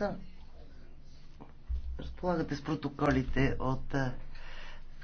са разполагате с протоколите от